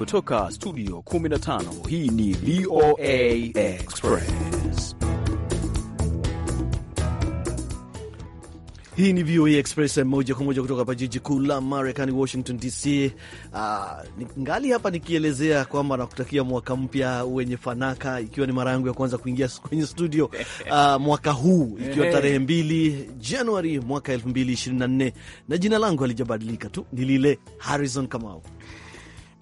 Kutoka studio 15 hii ni VOA Express. Hii ni VOA Express eh, moja kwa moja kutoka hapa jiji kuu la Marekani, Washington DC. Uh, ah, ngali hapa nikielezea kwamba nakutakia mwaka mpya wenye fanaka, ikiwa ni mara yangu ya kwanza kuingia kwenye studio uh, mwaka huu ikiwa tarehe mbili Januari mwaka 2024 na jina langu halijabadilika tu, ni lile Harrison Kamau.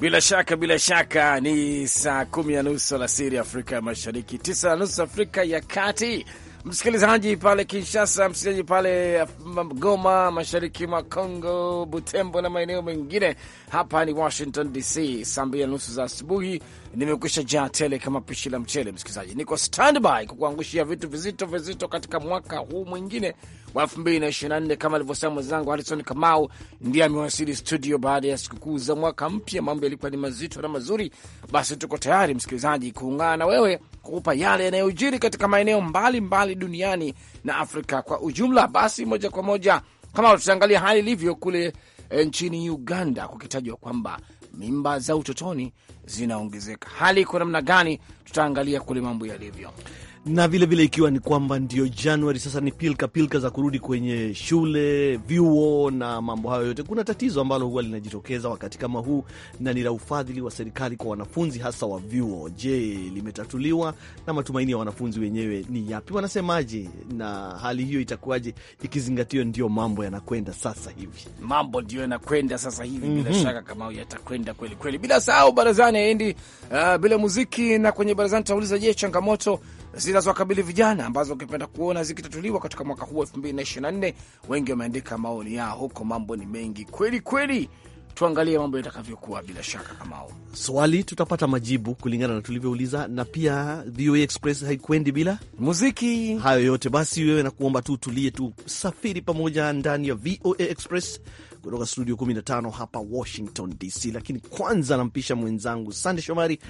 Bila shaka bila shaka ni saa kumi na nusu alasiri Afrika ya Mashariki, tisa na nusu Afrika ya Kati msikilizaji pale Kinshasa, msikilizaji pale Goma, mashariki mwa Congo, Butembo na maeneo mengine. Hapa ni Washington DC, saa mbili na nusu za asubuhi. Nimekwisha jaa tele kama pishi la mchele. Msikilizaji, niko standby kukuangushia vitu vizito vizito katika mwaka huu mwingine wa nne. kama alivyosema mwenzangu Harison Kamau, ndiye amewasili studio baada ya sikukuu za mwaka mpya. Mambo yalikuwa ni mazito na mazuri. Basi tuko tayari msikilizaji kuungana na wewe kukupa yale yanayojiri katika maeneo mbalimbali duniani na Afrika kwa ujumla. Basi moja kwa moja, kama tutaangalia hali ilivyo kule eh, nchini Uganda, kukitajwa kwamba mimba za utotoni zinaongezeka. Hali iko namna gani? Tutaangalia kule mambo yalivyo na vilevile vile ikiwa ni kwamba ndio Januari, sasa ni pilka pilka za kurudi kwenye shule, vyuo na mambo hayo yote. Kuna tatizo ambalo huwa linajitokeza wakati kama huu, na ni la ufadhili wa serikali kwa wanafunzi hasa wa vyuo. Je, limetatuliwa na matumaini ya wanafunzi wenyewe ni yapi? Wanasemaje na hali hiyo itakuwaje, ikizingatiwa ndio mambo yanakwenda sasa hivi? Mambo ndio yanakwenda sasa hivi, mm -hmm. Bila mhm. shaka kama yatakwenda kweli kweli, bila sahau barazani endi, uh, bila muziki na kwenye barazani tutauliza, je, changamoto zinazowakabili vijana ambazo wangependa kuona zikitatuliwa katika mwaka huu nne. Wengi wameandika maoni yao huko. Mambo ni mengi kweli kweli, tuangalie mambo yatakavyokuwa. Bila shaka, Kamao, swali tutapata majibu kulingana na tulivyouliza, na pia VOA Express haikwendi bila muziki. Hayo yote basi, wewe nakuomba tu tulie, tusafiri pamoja ndani ya VOA Express kutoka studio 15 hapa Washington DC. Lakini kwanza nampisha mwenzangu Sande Shomari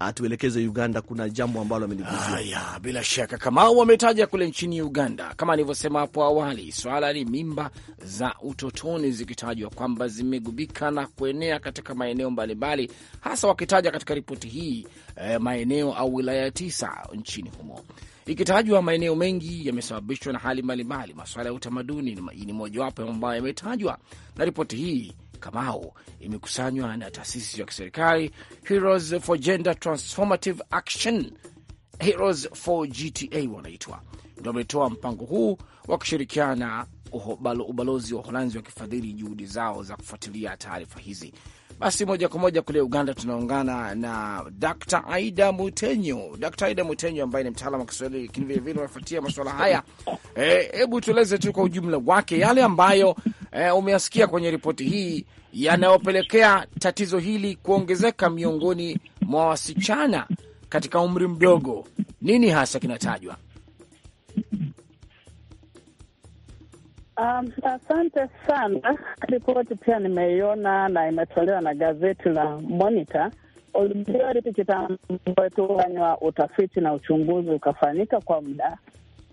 atuelekeze Uganda, kuna jambo ambalo ameligusia. bila shaka kama wametaja kule nchini Uganda, kama alivyosema hapo awali, swala ni mimba za utotoni zikitajwa kwamba zimegubika na kuenea katika maeneo mbalimbali, hasa wakitaja katika ripoti hii eh, maeneo au wilaya tisa nchini humo ikitajwa maeneo mengi yamesababishwa na hali mbalimbali. Masuala ya utamaduni ni mojawapo ambayo yametajwa na ripoti hii Kamau imekusanywa na taasisi ya kiserikali Heroes for Gender Transformative Action, Heroes for GTA wanaitwa, ndio wametoa mpango huu wa kushirikiana na ubalozi wa Uholanzi wakifadhili juhudi zao za kufuatilia taarifa hizi. Basi moja kwa moja kule Uganda tunaungana na Dr. Aida Mutenyo. Dr. Aida Mutenyo ambaye ni mtaalamu wa Kiswahili lakini vilevile unafuatia masuala haya. Eh, hebu e, tueleze tu kwa ujumla wake yale ambayo e, umeyasikia kwenye ripoti hii yanayopelekea tatizo hili kuongezeka miongoni mwa wasichana katika umri mdogo. Nini hasa kinatajwa? Um, asante sana. Ripoti pia nimeiona na imetolewa na gazeti la Monitor. Oligariti utafiti na uchunguzi ukafanyika kwa muda.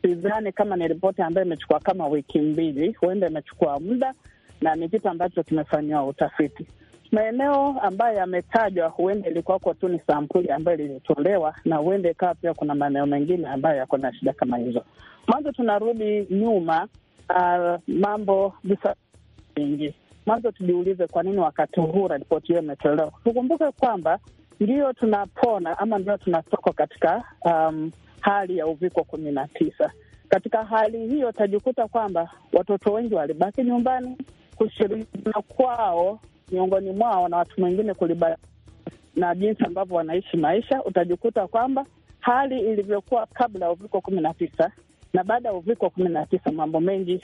Sidhani kama ni ripoti ambayo imechukua kama wiki mbili, huenda imechukua muda, na ni kitu ambacho kimefanyiwa utafiti. Maeneo ambayo yametajwa, huenda ilikuwako tu ni sampuli ambayo ilitolewa, na huenda ikawa pia kuna maeneo mengine ambayo yako na shida kama hizo. Mwanzo tunarudi nyuma uh, mambo vingi. Mwanzo tujiulize kwa nini wakati huu ripoti hiyo imetolewa. Tukumbuke kwamba ndiyo tunapona ama ndio tunatoka katika um, hali ya uviko kumi na tisa. Katika hali hiyo utajikuta kwamba watoto wengi walibaki nyumbani, kushirikiana kwao miongoni mwao na watu wengine kulibaki na jinsi ambavyo wanaishi maisha, utajikuta kwamba hali ilivyokuwa kabla ya uviko kumi na tisa na baada ya uviko kumi na tisa mambo mengi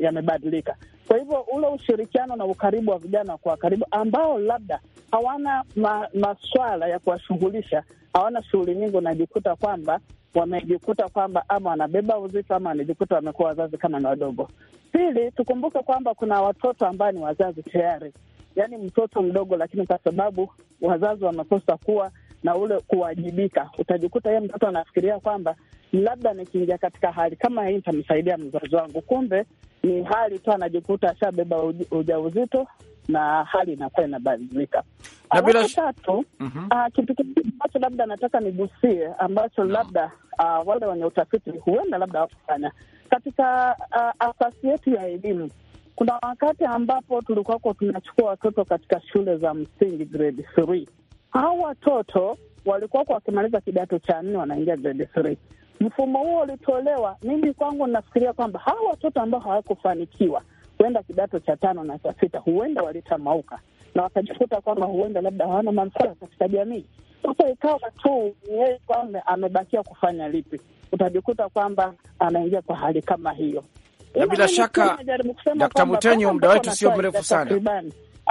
yamebadilika, yame kwa hivyo ule ushirikiano na ukaribu wa vijana kwa karibu ambao labda hawana ma, maswala ya kuwashughulisha, hawana shughuli nyingi, unajikuta kwamba wamejikuta kwamba ama wanabeba uzito ama wanajikuta wamekuwa wazazi kama ni wadogo. Pili, tukumbuke kwamba kuna watoto ambao ni wazazi tayari, yaani mtoto mdogo, lakini kwa sababu wazazi wamekosa kuwa na ule kuwajibika, utajikuta ye mtoto anafikiria kwamba labda nikiingia katika hali kama hii nitamsaidia mzazi wangu, kumbe ni hali tu anajikuta ashabeba ujauzito na hali inakuwa inabadilika. Alafu tatu, mm -hmm. kitu kingine ambacho labda nataka nigusie ambacho no. labda uh, wale wenye utafiti huenda labda wakufanya katika uh, asasi yetu ya elimu, kuna wakati ambapo tulikuwako tunachukua watoto katika shule za msingi grade three. Hao watoto walikuwako wakimaliza kidato cha nne wanaingia grade three. Mfumo huo ulitolewa, mimi kwangu nafikiria kwamba hawa watoto ambao hawakufanikiwa huenda kidato cha tano na cha sita, huenda walitamauka na wakajikuta kwamba huenda labda hawana manufaa katika jamii. Sasa ikawa tu yeye kwamba amebakia kufanya lipi, utajikuta kwamba anaingia kwa hali kama hiyo. Na bila shaka, Dkt. Mutenyo, muda wetu sio mrefu sana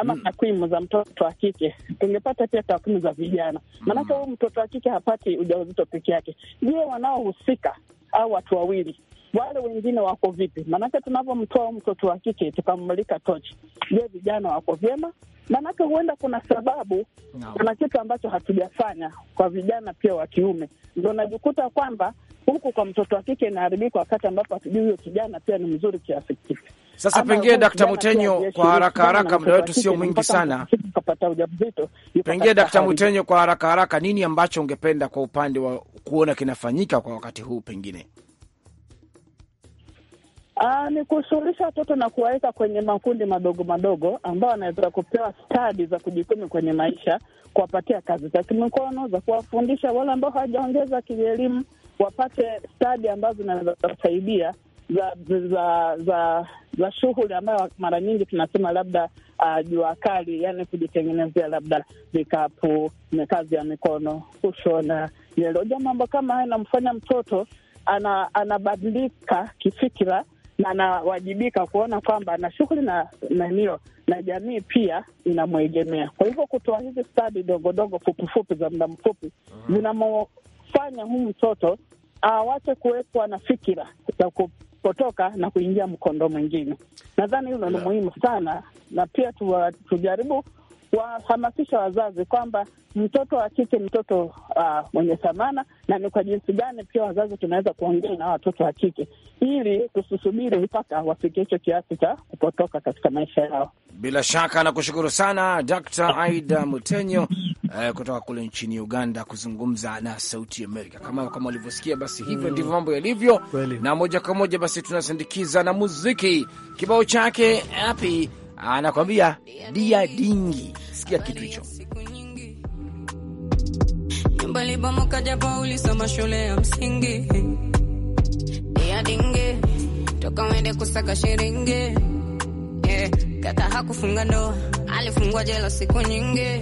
ama mm, takwimu za mtoto wa kike, tungepata pia takwimu za vijana, maanake huyu mtoto wa kike hapati ujauzito peke yake. Je, wanaohusika au watu wawili wale wengine wako vipi? Maanake tunavyomtoa mtoto wa kike tukammulika tochi, je, vijana wako vyema? Maanake huenda kuna sababu no. Kuna kitu ambacho hatujafanya kwa vijana pia wa kiume, ndo najikuta kwamba huku kwa mtoto wa kike inaharibika, wakati ambapo hatujui huyo kijana pia ni mzuri kiasi kipi. Sasa pengine Dkt. Mutenyo, kwa haraka haraka, muda wetu sio mwingi sana, pengine Dkt. Mutenyo, kwa haraka haraka, nini ambacho ungependa kwa upande wa kuona kinafanyika kwa wakati huu pengine? Aa, ah, ni kushughulisha watoto na kuwaweka kwenye makundi madogo madogo ambao wanaweza kupewa stadi za kujikumi kwenye maisha, kuwapatia kazi za kimikono za kuwafundisha. Wale ambao hawajaongeza kielimu wapate stadi ambazo zinaweza kusaidia za za za za shughuli ambayo mara nyingi tunasema labda uh, jua kali, yani kujitengenezea labda vikapu, kazi ya mikono, kushona yeloja, mambo kama haya namfanya mtoto ana, anabadilika kifikira na anawajibika kuona kwamba ana shughuli na nanio na jamii pia inamwegemea. Kwa hivyo kutoa hizi stadi dogodogo fupifupi za muda mfupi mhm. zinamfanya huu mtoto awache kuwekwa na fikira za kutoka na kuingia mkondo mwingine. Nadhani hilo ni muhimu sana, na pia tuwa, uh, tujaribu kuwahamasisha wazazi kwamba mtoto wa kike mtoto uh, mwenye thamana, na ni kwa jinsi gani pia wazazi tunaweza kuongea na watoto wa kike ili tusisubiri mpaka wafike hicho kiasi cha kupotoka katika maisha yao. Bila shaka nakushukuru sana d Aida Mutenyo uh, kutoka kule nchini Uganda kuzungumza na Sauti Amerika. Kama kama walivyosikia, basi hivyo mm, ndivyo mambo yalivyo kweli. Na moja kwa moja basi tunasindikiza na muziki kibao chake eh, api anakwambia dia dingi. Sikia kitu hicho. Nyumba japo ulisoma shule ya msingi. Dia dingi toka wende kusaka shiringi. Yeah, hakufunga ndoa, alifungwa jela siku nyingi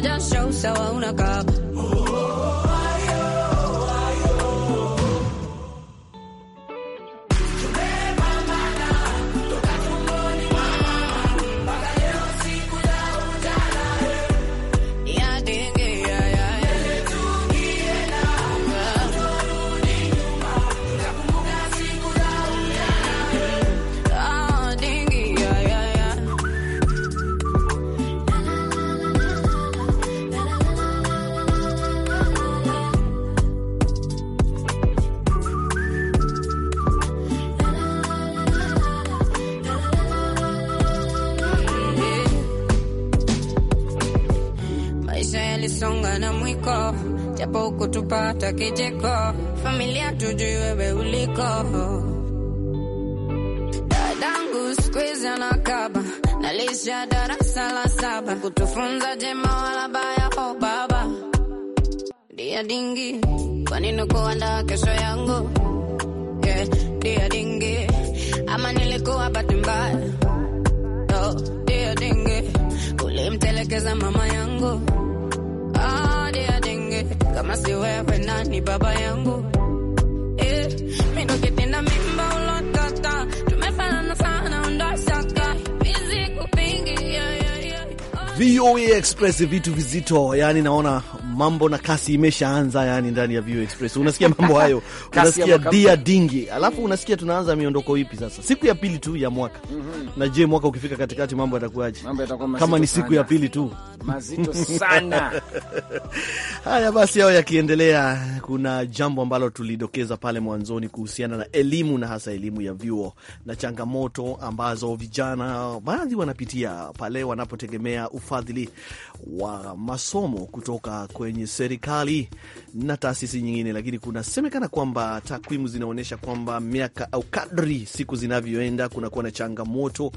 just show, so I wanna go. japo kutupata kicheko, familia tujui wewe uliko. Dadangu sikuizi anakaba nalisha darasa la saba, kutufunza jema wala baya. O baba dia dingi, kwanini kuanda kesho yangu? Yeah, dia dingi, ama nilikuwa bahati mbaya? Oh, dia dingi, ulimtelekeza mama yangu kama si wewe nani baba yangu VOA eh, Express vitu vizito, yani naona mambo na kasi imeshaanza yani ndani ya VOA Express unasikia mambo hayo unasikia dia dingi, alafu unasikia tunaanza miondoko ipi sasa, siku ya pili tu ya mwaka mm -hmm. Na je mwaka ukifika katikati mambo yatakuwaje? Kama ni siku ya pili tu mazito sana. Haya basi, hayo yakiendelea, kuna jambo ambalo tulidokeza pale mwanzoni kuhusiana na elimu na hasa elimu ya vyuo na changamoto ambazo vijana baadhi wanapitia pale wanapotegemea ufadhili wa masomo kutoka kwenye serikali na taasisi nyingine, lakini kunasemekana kwamba takwimu zinaonyesha kwamba miaka au kadri siku zinavyoenda kunakuwa na changamoto,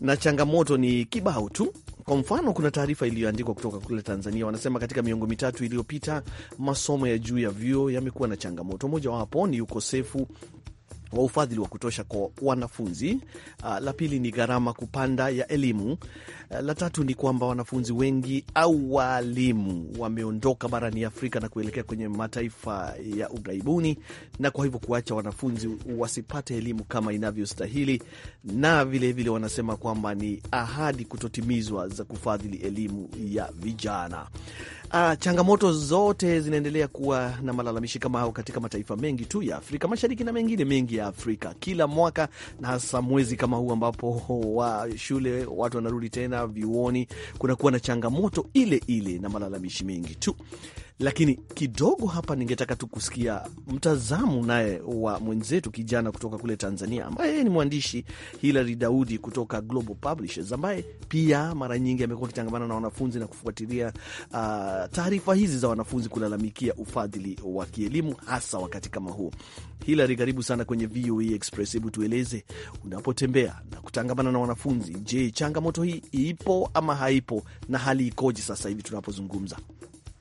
na changamoto ni kibao tu kwa mfano, kuna taarifa iliyoandikwa kutoka kule Tanzania, wanasema katika miongo mitatu iliyopita masomo ya juu ya vyuo yamekuwa na changamoto. Mojawapo ni ukosefu wa ufadhili wa kutosha kwa wanafunzi. Uh, la pili ni gharama kupanda ya elimu. Uh, la tatu ni kwamba wanafunzi wengi au waalimu wameondoka barani Afrika na kuelekea kwenye mataifa ya ughaibuni na kwa hivyo kuacha wanafunzi wasipate elimu kama inavyostahili, na vilevile vile wanasema kwamba ni ahadi kutotimizwa za kufadhili elimu ya vijana. Uh, changamoto zote zinaendelea kuwa na malalamishi kama hao katika mataifa mengi tu ya Afrika Mashariki na mengine mengi ya Afrika kila mwaka, na hasa mwezi kama huu ambapo wa shule watu wanarudi tena vyuoni, kunakuwa na changamoto ile ile na malalamishi mengi tu lakini kidogo hapa ningetaka tu kusikia mtazamo naye wa mwenzetu kijana kutoka kule Tanzania, ambaye yeye ni mwandishi Hilary Daudi kutoka Global Publishers, ambaye pia mara nyingi amekuwa akitangamana na wanafunzi na kufuatilia uh, taarifa hizi za wanafunzi kulalamikia ufadhili wa kielimu hasa wakati kama huu. Hilary, karibu sana kwenye VOA e Express. Hebu tueleze unapotembea na kutangamana na wanafunzi, je, changamoto hii ipo ama haipo na hali ikoje sasa hivi tunapozungumza?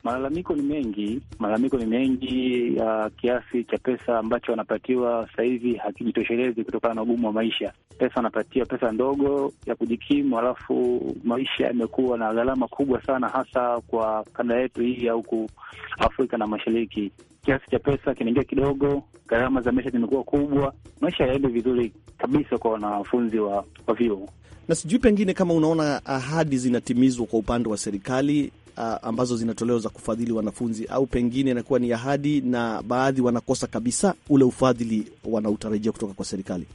Malalamiko ni mengi, malalamiko ni mengi. Uh, kiasi cha pesa ambacho wanapatiwa sasa hivi hakijitoshelezi kutokana na ugumu wa maisha. Pesa wanapatiwa pesa ndogo ya kujikimu, alafu maisha yamekuwa na gharama kubwa sana, hasa kwa kanda yetu hii ya huku Afrika na Mashariki. Kiasi cha pesa kinaingia kidogo, gharama za maisha zimekuwa kubwa, maisha yaende vizuri kabisa kwa wanafunzi wa, wa vyuo na sijui pengine kama unaona ahadi zinatimizwa kwa upande wa serikali uh, ambazo zinatolewa za kufadhili wanafunzi au pengine inakuwa ni ahadi na baadhi wanakosa kabisa ule ufadhili wanautarajia kutoka kwa serikali.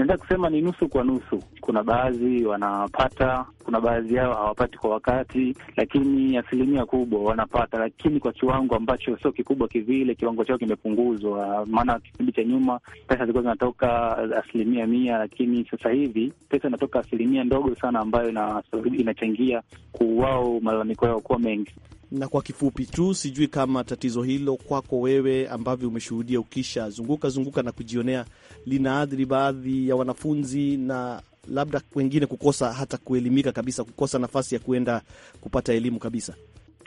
Naweza kusema ni nusu kwa nusu. Kuna baadhi wanapata, kuna baadhi yao hawapati kwa wakati, lakini asilimia kubwa wanapata, lakini kwa kiwango ambacho sio kikubwa kivile. Kiwango chao kimepunguzwa, maana kipindi cha nyuma pesa zilikuwa zinatoka asilimia mia, lakini sasa hivi pesa inatoka asilimia ndogo sana, ambayo inachangia kuwao malalamiko yao kuwa mengi. Na kwa kifupi tu, sijui kama tatizo hilo kwako wewe ambavyo umeshuhudia ukisha zunguka zunguka na kujionea, linaathiri baadhi ya wanafunzi na labda wengine kukosa hata kuelimika kabisa, kukosa nafasi ya kuenda kupata elimu kabisa.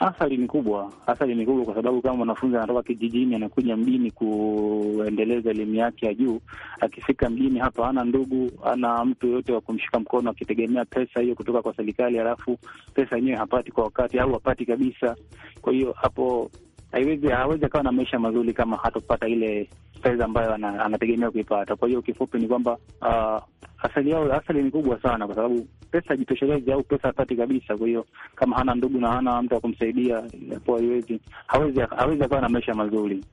Athari ni kubwa, athari ni kubwa kwa sababu kama mwanafunzi anatoka kijijini anakuja mjini kuendeleza elimu yake ya juu, akifika mjini hapa hana ndugu, hana mtu yoyote wa kumshika mkono, akitegemea pesa hiyo kutoka kwa serikali, halafu pesa yenyewe hapati kwa wakati au hapati kabisa. Kwa hiyo hapo haiwezi hawezi akawa na maisha mazuri kama hatopata ile fedha ambayo anategemea kuipata. Kwa hiyo kifupi ni kwamba uh, asali yao asali ni kubwa sana, kwa sababu pesa jitoshelezi au pesa hapati kabisa. Kwa hiyo kama hana ndugu na hana mtu wa kumsaidia, inakuwa haiwezi hawezi hawezi akawa na maisha mazuri.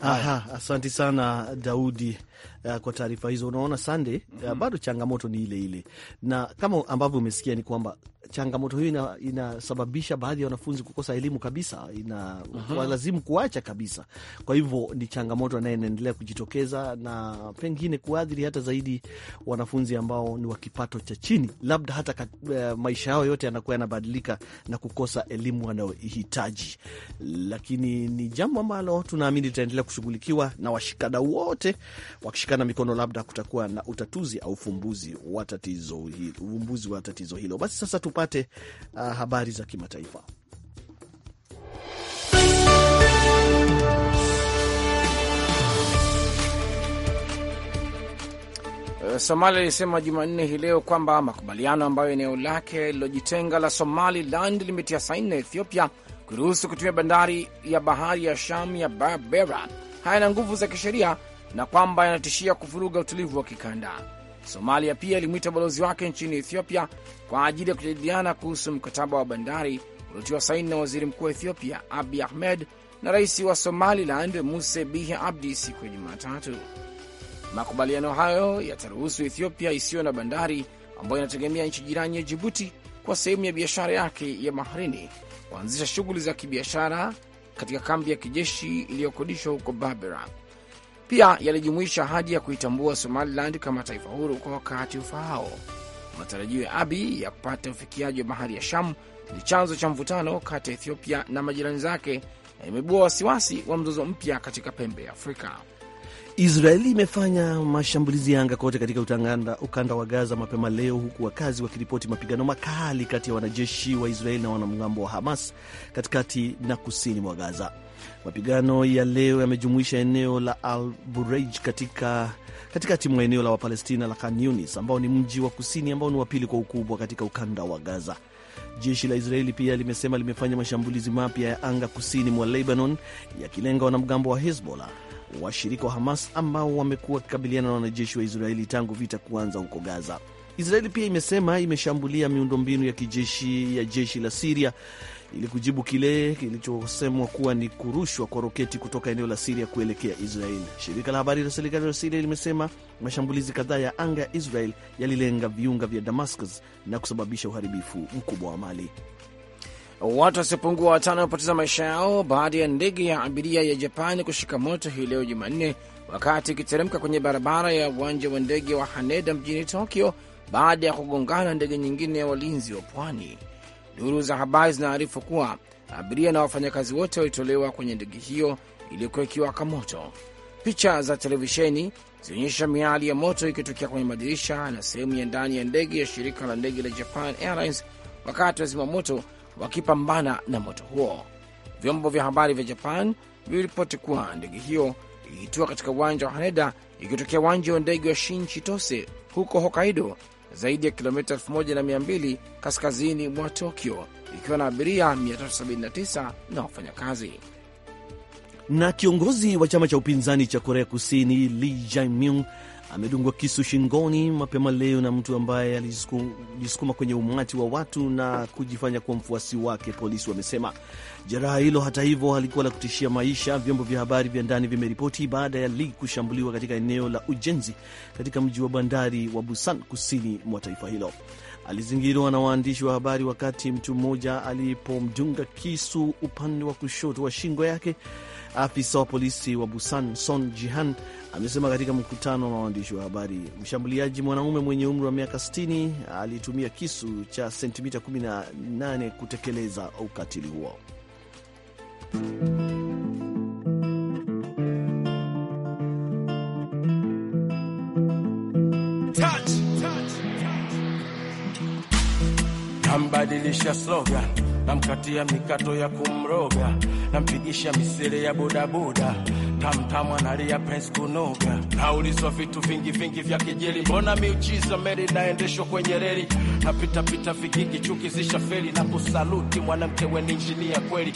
Aha, sana Daudi uh, kwa taarifa hizo. Unaona Sande, eh, mm -hmm. uh, bado changamoto ni ile ile, na kama ambavyo umesikia ni kwamba changamoto hiyo inasababisha ina baadhi ya wanafunzi kukosa elimu kabisa, ina uh mhm. -huh. walazimu kuacha kabisa. Kwa hivyo ni changamoto anayenaendelea kujitokeza na pengine kuadhiri hata zaidi wanafunzi ambao ni wa kipato cha chini, labda hata kat, uh, eh, maisha yao yote yanakuwa yanabadilika na kukosa elimu wanayohitaji, lakini ni jambo ambalo tunaamini litaendelea kushughulikiwa na washikadau wote wa wakishikana mikono, labda kutakuwa na utatuzi au ufumbuzi wa tatizo hilo, ufumbuzi wa tatizo hilo. Basi sasa tupate uh, habari za kimataifa. Eh, Somalia ilisema Jumanne hii leo kwamba makubaliano ambayo eneo lake lilojitenga la Somaliland limetia saini na Ethiopia kuruhusu kutumia bandari ya bahari ya Sham ya Berbera hayana nguvu za kisheria na kwamba yanatishia kuvuruga utulivu wa kikanda. Somalia pia ilimwita balozi wake nchini Ethiopia kwa ajili ya kujadiliana kuhusu mkataba wa bandari uliotiwa saini na waziri mkuu wa Ethiopia abi Ahmed na rais wa Somaliland Muse Bihi Abdi siku ya Jumatatu. Makubaliano hayo yataruhusu Ethiopia isiyo na bandari ambayo inategemea nchi jirani ya Jibuti kwa sehemu ya biashara yake ya baharini kuanzisha shughuli za kibiashara katika kambi ya kijeshi iliyokodishwa huko Berbera pia yalijumuisha ahadi ya kuitambua Somaliland kama taifa huru kwa wakati ufaao. Matarajio ya Abi ya kupata ufikiaji wa bahari ya Shamu ni chanzo cha mvutano kati ya Ethiopia na majirani zake na imebua wasiwasi wa mzozo mpya katika pembe ya Afrika. Israeli imefanya mashambulizi ya anga kote katika utanganda, ukanda wa Gaza mapema leo, huku wakazi wakiripoti mapigano makali kati ya wanajeshi wa Israeli na wanamgambo wa Hamas katikati na kusini mwa Gaza. Mapigano ya leo yamejumuisha eneo la Al katika katikati mwa eneo la Wapalestina la Khan Yunis ambao ni mji wa kusini ambao ni wa pili kwa ukubwa katika ukanda wa Gaza. Jeshi la Israeli pia limesema limefanya mashambulizi mapya ya anga kusini mwa Lebanon yakilenga wanamgambo wa Hezbollah washirika wa Hamas ambao wamekuwa wakikabiliana na wanajeshi wa Israeli tangu vita kuanza huko Gaza. Israeli pia imesema imeshambulia miundombinu ya kijeshi ya jeshi la Siria ili kujibu kile kilichosemwa kuwa ni kurushwa kwa roketi kutoka eneo la Siria kuelekea israel Shirika la habari la serikali ya Siria limesema mashambulizi kadhaa ya anga ya Israel yalilenga viunga vya Damascus na kusababisha uharibifu mkubwa wa mali. Watu wasiopungua watano wamepoteza maisha yao baada ya ndege ya abiria ya Japani kushika moto hii leo Jumanne wakati ikiteremka kwenye barabara ya uwanja wa ndege wa Haneda mjini Tokyo baada ya kugongana ndege nyingine ya walinzi wa pwani. Duru za habari zinaarifu kuwa abiria na wafanyakazi wote walitolewa kwenye ndege hiyo iliyokuwa ikiwaka moto. Picha za televisheni zilionyesha miali ya moto ikitokea kwenye madirisha na sehemu ya ndani ya ndege ya shirika la ndege la Japan Airlines wakati wazima moto wakipambana na moto huo. Vyombo vya habari vya Japan viliripoti kuwa ndege hiyo ilitua katika uwanja wa Haneda ikitokea uwanja wa ndege wa shinchitose huko Hokkaido zaidi ya kilomita 1200 kaskazini mwa Tokyo, ikiwa na abiria 379 na wafanyakazi. Na kiongozi wa chama cha upinzani cha Korea Kusini Lee Jae-myung amedungwa kisu shingoni mapema leo na mtu ambaye alijisukuma kwenye umati wa watu na kujifanya kuwa mfuasi wake, polisi wamesema. Jeraha hilo hata hivyo halikuwa la kutishia maisha, vyombo vya habari vya ndani vimeripoti, baada ya Lee kushambuliwa katika eneo la ujenzi katika mji wa bandari wa Busan, kusini mwa taifa hilo alizingirwa na waandishi wa habari wakati mtu mmoja alipomdunga kisu upande wa kushoto wa shingo yake. Afisa wa polisi wa Busan Son Jihan amesema katika mkutano na waandishi wa habari, mshambuliaji mwanaume mwenye umri wa miaka 60 alitumia kisu cha sentimita 18 kutekeleza ukatili huo. Ambadilisha slogan, namkatia mikato ya kumroga, nampigisha misere ya bodaboda, tamtamwa analia pensi kunoga. Naulizwa vitu vingi vingi vya kijeli mbona miuchiza meli naendeshwa kwenye reli? Napitapita vigigi chuki zisha feli, na kusaluti mwanamke weni injinia kweli.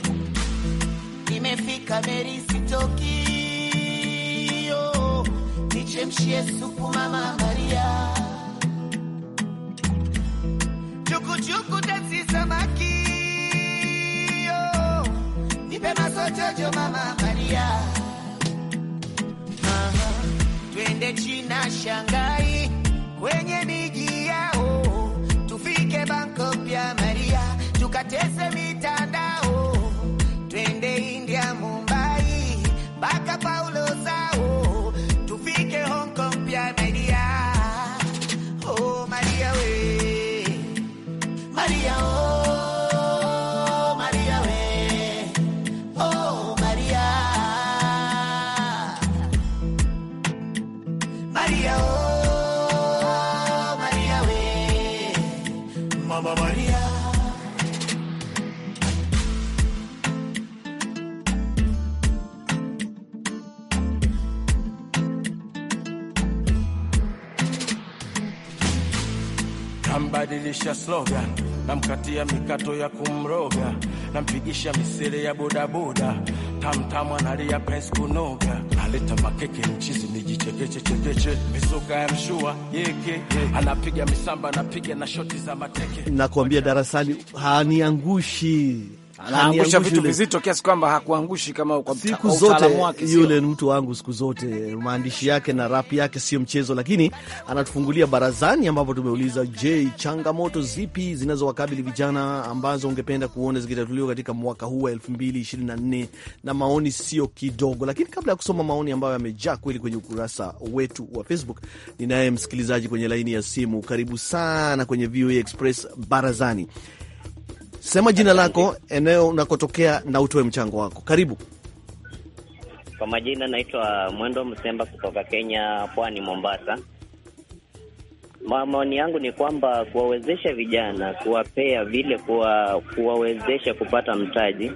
Imefika meri sitoki, oh, nichemshie supu mama Maria Jojo Mama Maria. Aha. Twende China, shangai kwenye miji yao, tufike Bangkok ya Maria tukateze mitandao ambadilisha slogan, namkatia mikato ya kumroga, nampigisha misere ya bodaboda, tamtamu analia pensi kunoga, naleta makeke mchizi nijichekeche chekeche, mizuka ya mshua yeke, anapiga misamba, anapiga na shoti za mateke. Nakuambia darasani haniangushi anaangusha vitu vizito kiasi kwamba hakuangushi kama kwa siku zote Yule Yule mtu wangu siku zote, maandishi yake na rap yake sio mchezo, lakini anatufungulia barazani, ambapo tumeuliza, je, changamoto zipi zinazowakabili vijana ambazo ungependa kuona zikitatuliwa katika mwaka huu wa 2024 na maoni sio kidogo. Lakini kabla ya kusoma maoni ambayo yamejaa kweli kwenye ukurasa wetu wa Facebook, ninaye msikilizaji kwenye laini ya simu. Karibu sana kwenye VOA e Express barazani. Sema jina lako, eneo unakotokea na utoe mchango wako. Karibu. Kwa majina naitwa Mwendo Msemba kutoka Kenya, pwani Mombasa. Maoni yangu ni kwamba kuwawezesha vijana, kuwapea vile, kuwa kuwawezesha kupata mtaji,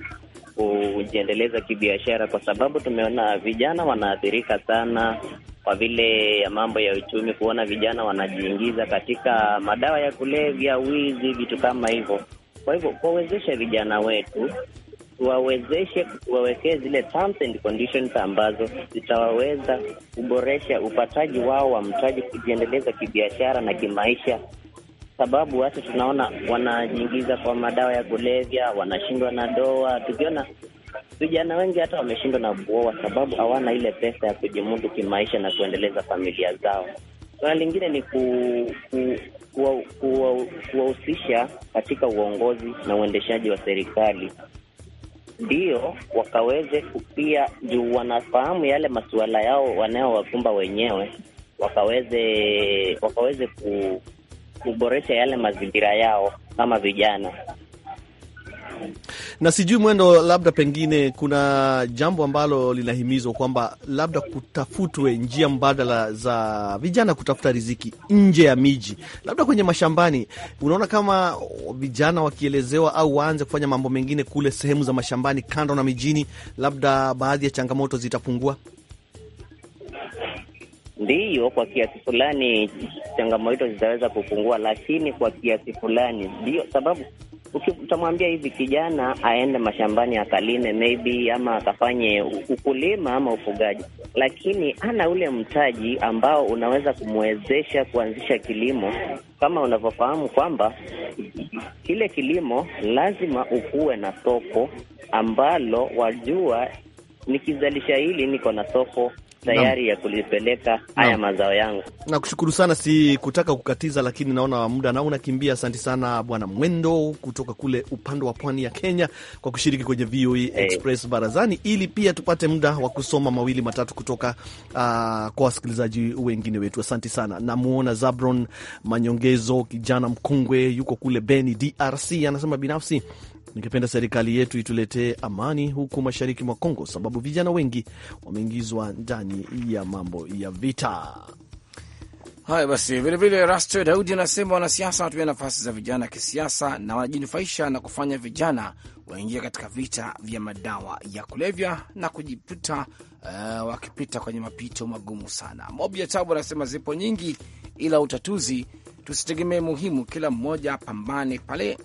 kujiendeleza kibiashara, kwa sababu tumeona vijana wanaathirika sana kwa vile ya mambo ya uchumi, kuona vijana wanajiingiza katika madawa ya kulevya, wizi, vitu kama hivyo. Kwa hivyo kuwawezesha vijana wetu, tuwawezeshe, wawekee zile terms and conditions ambazo zitawaweza kuboresha upataji wao wa mtaji, kujiendeleza kibiashara na kimaisha sababu hata tunaona wanajiingiza kwa madawa ya kulevya, wanashindwa na doa. Tukiona vijana wengi hata wameshindwa na kuoa, sababu hawana ile pesa ya kujimudu kimaisha na kuendeleza familia zao. Swala lingine ni kuwahusisha ku, ku, ku, katika uongozi na uendeshaji wa serikali, ndio wakaweze kupia juu wanafahamu yale masuala yao wanayowakumba wenyewe, wakaweze wakaweze ku, kuboresha yale mazingira yao kama vijana na sijui mwendo, labda pengine kuna jambo ambalo linahimizwa kwamba labda kutafutwe njia mbadala za vijana kutafuta riziki nje ya miji, labda kwenye mashambani. Unaona kama vijana wakielezewa au waanze kufanya mambo mengine kule sehemu za mashambani, kando na mijini, labda baadhi ya changamoto zitapungua. Ndiyo, kwa kiasi fulani changamoto zitaweza kupungua, lakini kwa kiasi fulani ndio sababu utamwambia hivi kijana aende mashambani akalime maybe ama akafanye ukulima ama ufugaji, lakini ana ule mtaji ambao unaweza kumwezesha kuanzisha kilimo. Kama unavyofahamu kwamba kile kilimo lazima ukuwe na soko ambalo wajua, nikizalisha hili niko na soko tayari ya kulipeleka haya mazao yangu. Nakushukuru sana, si kutaka kukatiza, lakini naona muda na unakimbia. Asante sana Bwana Mwendo kutoka kule upande wa pwani ya Kenya kwa kushiriki kwenye VOA e Express barazani, ili pia tupate muda wa kusoma mawili matatu kutoka uh, kwa wasikilizaji wengine wetu. Asante sana. Namuona Zabron Manyongezo, kijana mkongwe, yuko kule Beni, DRC, anasema binafsi Ningependa serikali yetu ituletee amani huku mashariki mwa Kongo, sababu vijana wengi wameingizwa ndani ya mambo ya vita. Haya basi, vilevile Rasto Daudi anasema wanasiasa wanatumia nafasi za vijana ya kisiasa na wanajinufaisha na kufanya vijana waingia katika vita vya madawa ya kulevya na kujipita uh, wakipita kwenye mapito magumu sana. Mobi ya Tabu anasema zipo nyingi, ila utatuzi tusitegemee muhimu, kila mmoja pambane pale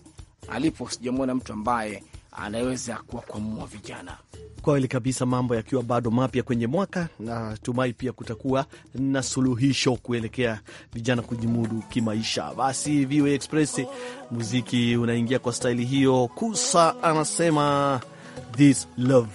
alipo, sijamwona mtu ambaye anaweza kuwakwamua vijana. Kweli kabisa, mambo yakiwa bado mapya kwenye mwaka, na tumai pia kutakuwa na suluhisho kuelekea vijana kujimudu kimaisha. Basi VOA Express muziki unaingia kwa staili hiyo. Kusa anasema this love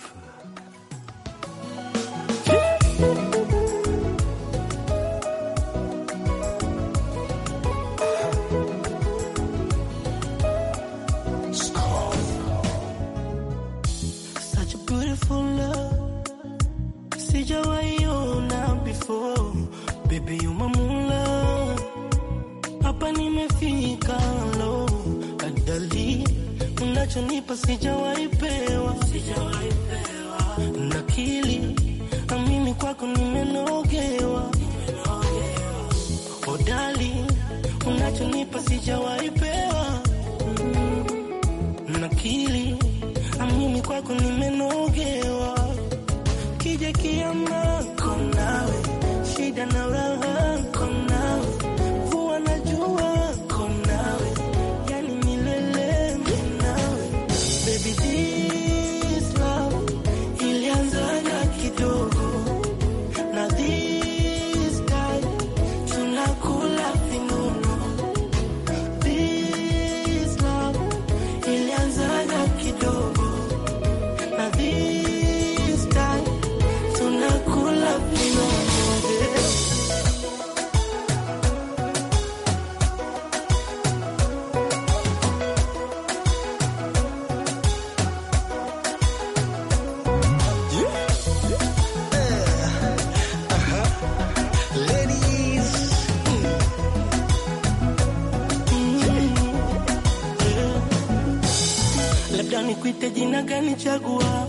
aina gani chagua,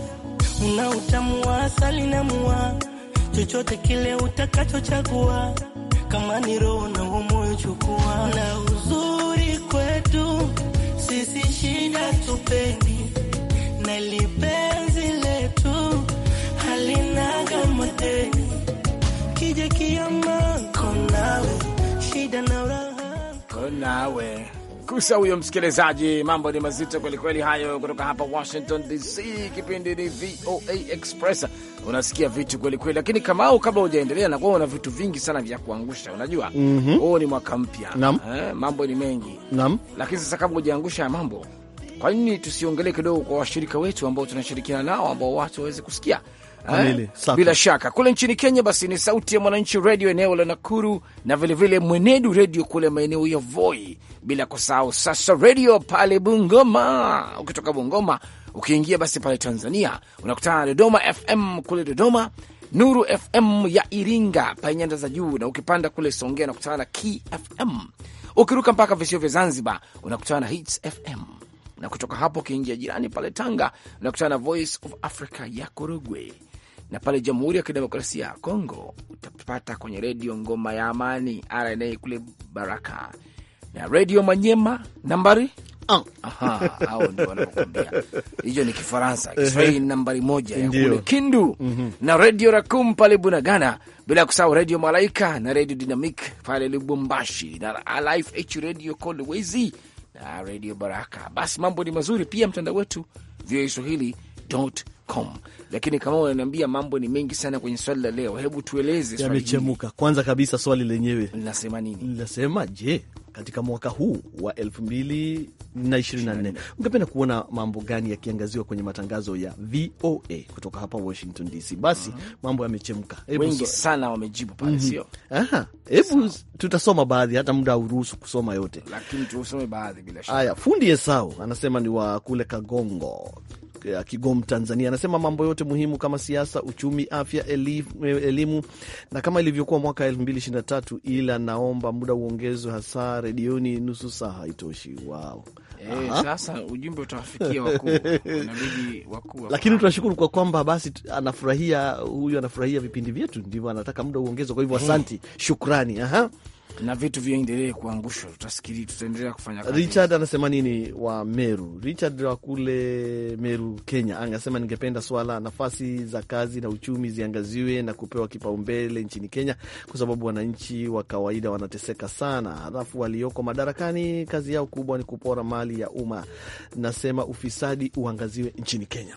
una utamu wa asali na mua, chochote kile utakachochagua, kama ni roho na moyo chukua, na uzuri kwetu sisi shida tupendi, na lipenzi letu halinaga mateni kija kiama konawe shida na raha konawe Kusa huyo msikilizaji, mambo ni mazito kwelikweli hayo, kutoka hapa Washington DC. Kipindi ni VOA Express, unasikia vitu kwelikweli. Lakini Kamau, kabla hujaendelea, nakuwa una vitu vingi sana vya kuangusha, unajua mm -hmm. Huo ni mwaka mpya eh, mambo ni mengi Nam. Lakini sasa kabla hujaangusha ya mambo, kwa nini tusiongelee kidogo kwa washirika wetu ambao tunashirikiana nao, ambao watu waweze kusikia Eh, bila shaka kule nchini Kenya basi ni Sauti ya Mwananchi redio eneo la Nakuru na vilevile Mwenedu redio kule maeneo ya Voi, bila kusahau sasa redio pale Bungoma. Ukitoka Bungoma ukiingia basi pale Tanzania unakutana na Dodoma FM kule Dodoma, Nuru FM ya Iringa pale nyanda za juu, na ukipanda kule Songea unakutana na KFM. Ukiruka mpaka visio vya Zanzibar unakutana na Hits FM na kutoka hapo ukiingia jirani pale Tanga unakutana na Voice of Africa ya Korogwe na pale Jamhuri ya Kidemokrasia ya Kongo utapata kwenye redio Ngoma ya Amani RNA kule Baraka na redio Manyema nambari ah. hicho ni Kifaransa. Kiswahili ni nambari moja ya kule Kindu mm -hmm. na redio Rakum pale Bunagana, bila kusahau redio Malaika na redio Dinamik pale Lubumbashi na Alive H radio Kolwezi na redio Baraka. Basi mambo ni mazuri, pia mtandao wetu voaswahili com. Lakini kama unaniambia mambo ni mengi sana kwenye swali la leo, hebu tueleze swali yamechemuka. Kwanza kabisa swali lenyewe linasema nini? Linasema je, katika mwaka huu wa 2024 ungependa kuona mambo gani yakiangaziwa kwenye matangazo ya VOA kutoka hapa Washington DC? Basi uh mhm. -huh. mambo yamechemka, wengi so... sana wamejibu pale, mhm. sio? Hebu tutasoma baadhi, hata muda hauruhusu kusoma yote, lakini tusome baadhi bila shaka. Haya, fundi Esau anasema ni wa kule Kagongo ya Kigom, Tanzania. Anasema mambo yote muhimu kama siasa, uchumi, afya, elimu na kama ilivyokuwa mwaka 2023, ila naomba muda uongezwe, hasa redioni, nusu saa haitoshi. Wow. Eh, sasa ujumbe utawafikia wakuu wakuu, lakini tunashukuru kwa kwamba basi anafurahia huyu, anafurahia vipindi vyetu, ndivyo anataka muda uongezwe. Kwa hivyo mm. asanti, shukrani. Aha na vitu viendelee kuangushwa, tutasikiri tutaendelea kufanya kazi. Richard anasema nini wa Meru? Richard wa kule Meru, Kenya, anasema ningependa swala nafasi za kazi na uchumi ziangaziwe na kupewa kipaumbele nchini Kenya, kwa sababu wananchi wa kawaida wanateseka sana, halafu walioko madarakani kazi yao kubwa ni kupora mali ya umma. Nasema ufisadi uangaziwe nchini Kenya.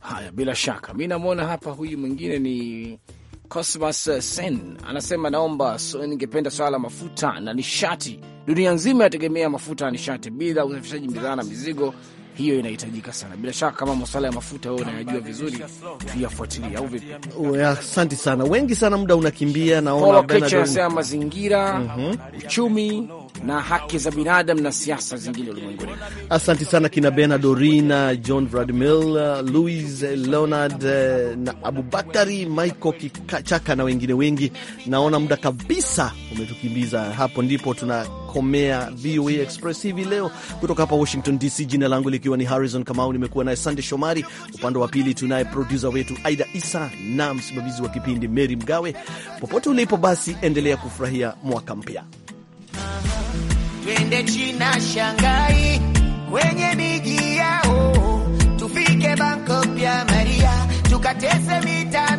Haya, bila shaka mi namwona hapa, huyu mwingine ni Cosmas eh, Sen anasema naomba, so ningependa swala la mafuta na nishati. Dunia nzima yategemea mafuta na nishati, bila usafirishaji bidhaa na mizigo hiyo inahitajika sana. Bila shaka kama masuala ya mafuta wewe unayajua vizuri, tuyafuatilia au vipi? Oh, asante sana, wengi sana, muda unakimbia. Naona anasema mazingira, mm -hmm. uchumi na haki za binadamu na siasa zingine ulimwenguni. Asante sana kina Benadorina, John Vladimil, Louis Leonard eh, na Abubakari Michael Kichaka na wengine wengi. Naona muda kabisa umetukimbiza, hapo ndipo tunakomea VOA Express hivi leo kutoka hapa Washington DC, jina langu likiwa ni Harrison Kamau, nimekuwa naye Sande Shomari, upande wa pili tunaye produsa wetu Aida Isa na msimamizi wa kipindi Mary Mgawe. Popote ulipo basi, endelea kufurahia mwaka mpya twende China, Shanghai, kwenye miji yao, tufike Bangkok ya Maria, tukatese mita